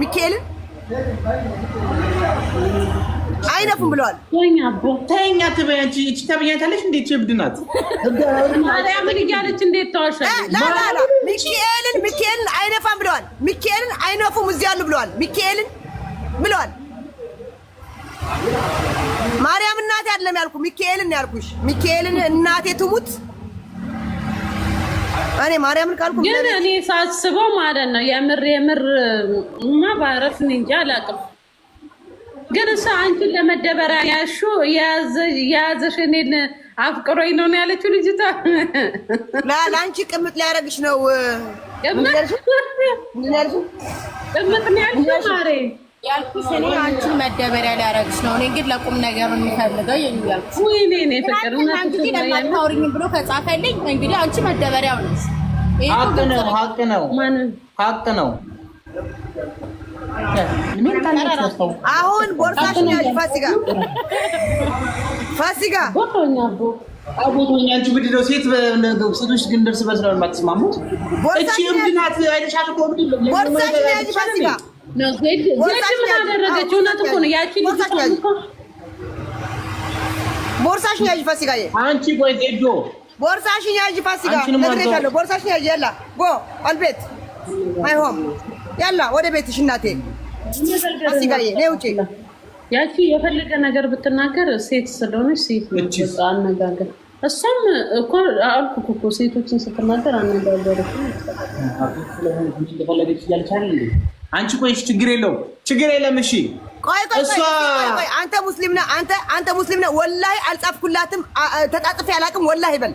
ሚካኤልን አይነፉም ብለዋል። ተኛ ተብያታለች። እንዴት እብድ ናት? ምን እያለች እንዴት ተዋሻል? ሚካኤልን ሚካኤልን አይነፋም ብለዋል። ሚካኤልን አይነፉም እዚህ ያሉ ብለዋል። ሚካኤልን ብለዋል። ማርያም እናቴ አይደለም ያልኩ ሚካኤልን ያልኩሽ። ሚካኤልን እናቴ ትሙት እኔ ማርያምን ካልኩ ግን እኔ ሳስበው ማለት ነው የምር የምር ማ ባረፍ እንጂ አላውቅም። ግን እሱ አንቺን ለመደበሪያ ያሹ የያዘሽ እኔን አፍቅሮኝ ነው ያለችው ልጅቷ። ለአንቺ ቅምጥ ሊያደርግሽ ነው ቅምጥ ቅምጥ ነው ማሬ ያልኩሽ እኔ አንቺን መደበሪያ ሊያደርግሽ ነው። እኔ ግን ለቁም ነገር የሚፈልገው የእኔ ያልኩሽ እንግዲህ ለማታወሪኝ ብሎ ከጻፈልኝ እንግዲህ አንቺ መደበሪያው ነሽ። ሀቅ ነው፣ ሀቅ ነው፣ ሀቅ ነው። አሁን ቦርሳሽን ያዥ ፋሲካ፣ ፋሲካ አቦቶኛ አንቺ ምንድን ነው ሴት ሴቶች ግን ደርስ በስለ ማትስማሙት እቺ እምድናት አይደሻል እኮ ምንድን ነው ቦርሳሽን ያዥ ፋሲካዬ፣ አንቺ ቆይ ዜዶ ቦርሳሽን ያዥ ፋሲካ፣ ነግሬሻለሁ። ቦርሳሽን ያዥ ያላ ጎ አልቤት አይሆም ያላ ወደ ቤትሽ እናቴ ፋሲካዬ፣ ነይ ውጪ። ያቺ የፈለገ ነገር ብትናገር ሴት ስለሆነች ሴት አነጋገር እሷም እኮ አልኩ እኮ ሴቶችን ስትናገር አነጋገር አንቺ ቆይ ችግር የለው ችግር የለም። እሺ ቆይ ቆይ አንተ ሙስሊም ነህ አንተ አንተ ሙስሊም ነህ። ወላሂ አልጻፍኩላትም ተጣጥፌ አላውቅም። ወላሂ በል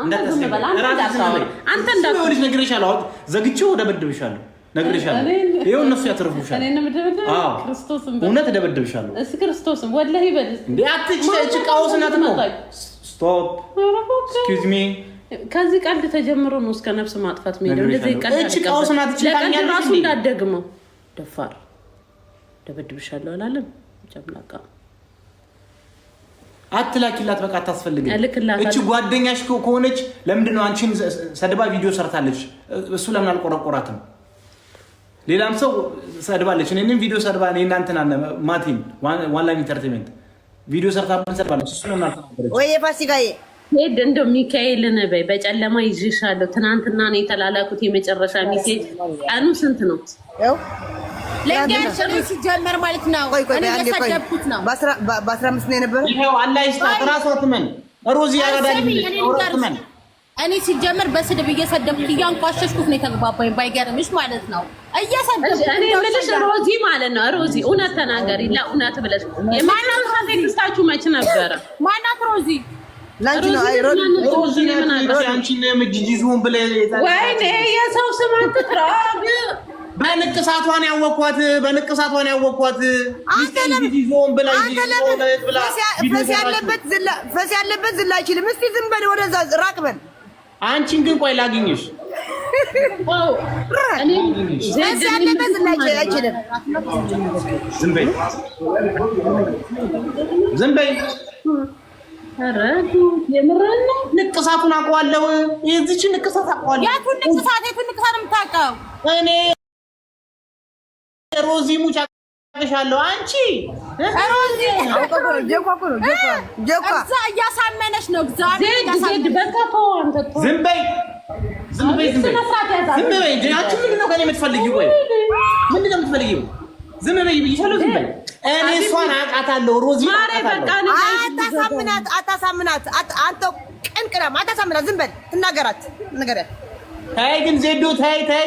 አንተ እንዳትሆን ነግሬሻለሁ። አሁን ዘግቼው ነግሬሻለሁ። ይኸው እነሱ እውነት እስኪ ወላሂ ነው። ከዚህ ቀልድ ተጀምሮ ነው እስከ ነፍስ ማጥፋት እንዳትደግመው። ደፋር ደበድብሻለሁ አላለም አትላኪላት በቃ አታስፈልግም። እቺ ጓደኛሽ ከሆነች ለምንድን ነው አንቺን ሰድባ ቪዲዮ ሰርታለች? እሱ ለምን አልቆረቆራትም? ሌላም ሰው ሰድባለች፣ እኔንም ቪዲዮ ሰድባ እኔና አለ ማቲን ዋን ላይን ኢንተርቴንመንት ቪዲዮ ሰርታብን ሰድባለች። እሱ ለምን ወይ ፋሲካዬ ሄድ እንደ ሚካኤልን በይ በጨለማ ይዤሻለሁ። ትናንትና ነው የተላላኩት የመጨረሻ ሚሴጅ። ቀኑ ስንት ነው? ሲጀመር ማለት ነው በአስራ አምስት ነው የነበረ። ይኸው አላህ ይስጣት ትመን ሮዚ ያረዳልኝ። እኔ ሲጀመር በስድብ እየሰደብኩት እያንቋሸሽኩት ነው የተግባባኝ። ባይገርምሽ ማለት ነው እየሰደብኩት የምልሽ ሮዚ ማለት ነው። ሮዚ እውነት ተናገሪ፣ ለእውነት ብለሽ የማናት ቴክስታችሁ መች ነበረ? ማናት ሮዚ ወይኔ የሰው ስም አትጥራ በንቅሳቷን ያወኳት በንቅሳቷን ያወኳት ፈስ ያለበት ዝላ አይችልም። እስቲ ዝም በል ወደዛ ራቅ በል። አንቺን ግን ቆይ ላግኝሽ። ፈስ ያለበት ዝላ አይችልም። ዝም በይ ዝም በይ። የምሬን ንቅሳቱን አውቀዋለሁ። የዚችን ንቅሳት አውቀዋለሁ። ያቱን ንቅሳት የቱን ንቅሳት የምታውቀው እኔ ሮዚ ሙቻ አቅሻለሁ። አንቺ ሮዚ እዛ እያሳመነች ነው። እግዚአብሔር ዝም በይ ዝም በይ ዝም በይ። አንቺ ምንድን ነው ከእኔ የምትፈልጊው? ወይ ምንድን ነው የምትፈልጊው? ዝም በይ ብዬሻለሁ። ዝም በይ። እኔ እሷን አውቃታለሁ። ሮዚ አታሳምናት፣ አታሳምናት። አንተ ቅንቅናም አታሳምናት። ዝም በል ትናገራት፣ ንገሪያት። ተይ ግን ዜዶ ተይ፣ ተይ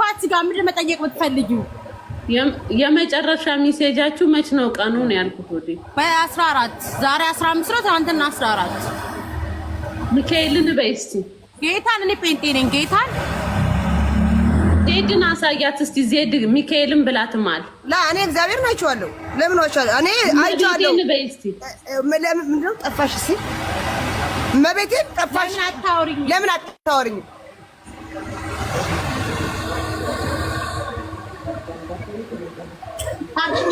ፋሲ ጋር ምንድን መጠየቅ ብትፈልጊው የመጨረሻ ሚሴጃችሁ መች ነው? ቀኑ ነው ያልኩት። ወዴ በአስራ አራት ዛሬ አስራ አምስት ነው ትናንትና አስራ አራት ሚካኤልን በይስቲ ጌታን እኔ ጴንጤ ነኝ። ጌታን ዜድን አሳያት እስቲ። ዜድ ሚካኤልን ብላትማል ላ እኔ እግዚአብሔር ናቸዋለሁ። ለምን ዋቸዋለሁ እኔ አይቸዋለሁ። ምንድነው ጠፋሽ? እስኪ መቤቴን ጠፋሽ። ለምን አታወሪኝ? ደስ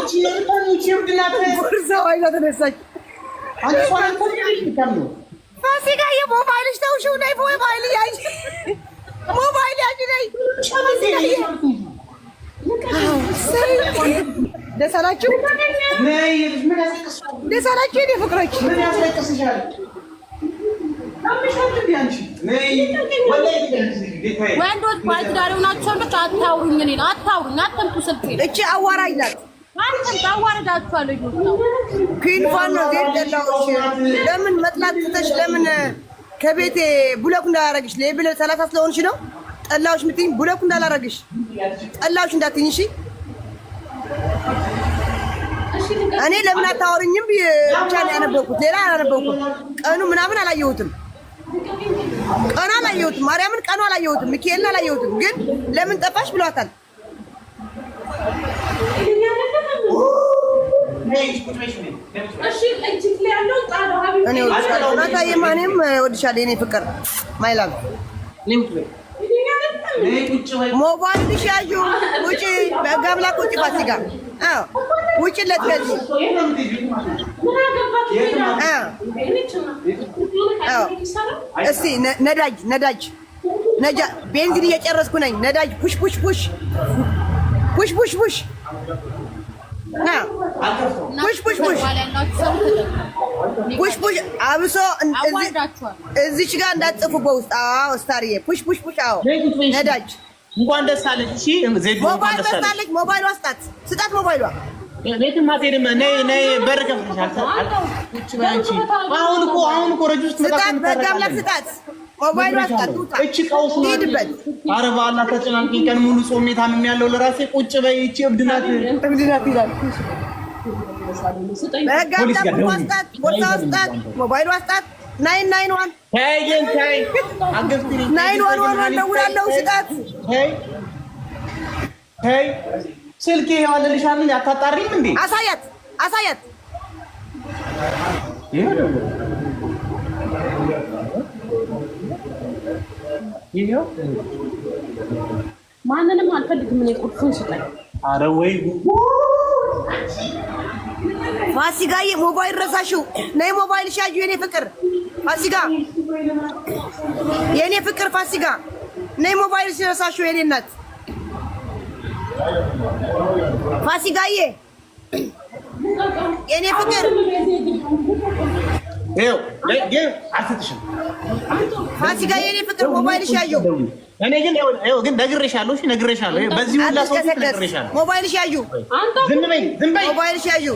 አላችሁ፣ ደስ አላችሁ ወንዶች አታውሩኝ፣ እኔን አታውሩኝ፣ አትምጡ ስልኬን። እቺ አዋራኝ ናት። ኪንፋን ነው ለምን መጥላት ትተሽ ለምን ከቤቴ ቡለኩ እንዳላረግሽ ሰላሳ ስለሆንሽ ነው ጠላሁሽ የምትይኝ። ቡለኩ እንዳላረግሽ ጠላሁሽ እንዳትይኝ እሺ። እኔ ለምን አታወሪኝም ብቻ ነው ያነበብኩት፣ ሌላ አላነበብኩም። ቀኑ ምናምን አላየሁትም፣ ቀኑ አላየሁትም፣ ማርያምን ቀኑ አላየሁትም፣ ሚካኤልን አላየሁትም። ግን ለምን ጠፋሽ ብሏታል። እኔም ወድሻለሁ የኔ ፍቅር ማይላም ሞባይል ሻዩ ውጪ ገብላ ቁጭ ፋሲካ ውጭ ለትገል እስቲ ነዳጅ ነዳጅ ነጃ ቤንዚን እየጨረስኩ ነኝ። ነዳጅ ፑሽ ፑሽ ፑሽ ፑሽ ፑሽ ፑሽ አብሶ እዚች ጋር እንዳትጽፉ በውስጥ ስታርዬ ፑሽ ፑሽ ፑሽ። አዎ ነዳጅ እንኳን ደስ አለች። ሞባይል ሞባይሏ ስጣት ስጣት። ሞባይሏ አሁን እኮ አሁን እኮ ስጣት። በጋምላክ ስጣት እቺ ቀውስ አረባ አላ ተጨናንቅኝ ቀን ሙሉ ጾሜ ታምም ያለው ለራሴ ቁጭ በይ እቺ እብድናት እብድናት ይላል። ሞባይል ዋስጣት ናይን ናይን አታጣሪም እንዴ? አሳያት አሳያት ይሄው ማንንም አልፈልግም። እኔ ቁልፉን ስጠኝ። ኧረ ወይ ፋሲካዬ ሞባይል ረሳሽው። ነይ ሞባይል ሻዩ። የኔ ፍቅር ፋሲካ፣ የኔ ፍቅር ፋሲካ፣ ነይ ሞባይል ሲረሳሽው። የኔ እናት ፋሲካዬ፣ የኔ ፍቅር ፋሲካ የኔ ፍቅር ሞባይልሽ ያዩ እኔ ግን ይኸው ግን ነግሬሻለሁ። እሺ ነግሬሻለሁ። በዚህ ሁላ ሰው ነግሬሻለሁ። ሞባይልሽ ያዩ ዝም በይ ዝም በይ ሞባይልሽ ያዩ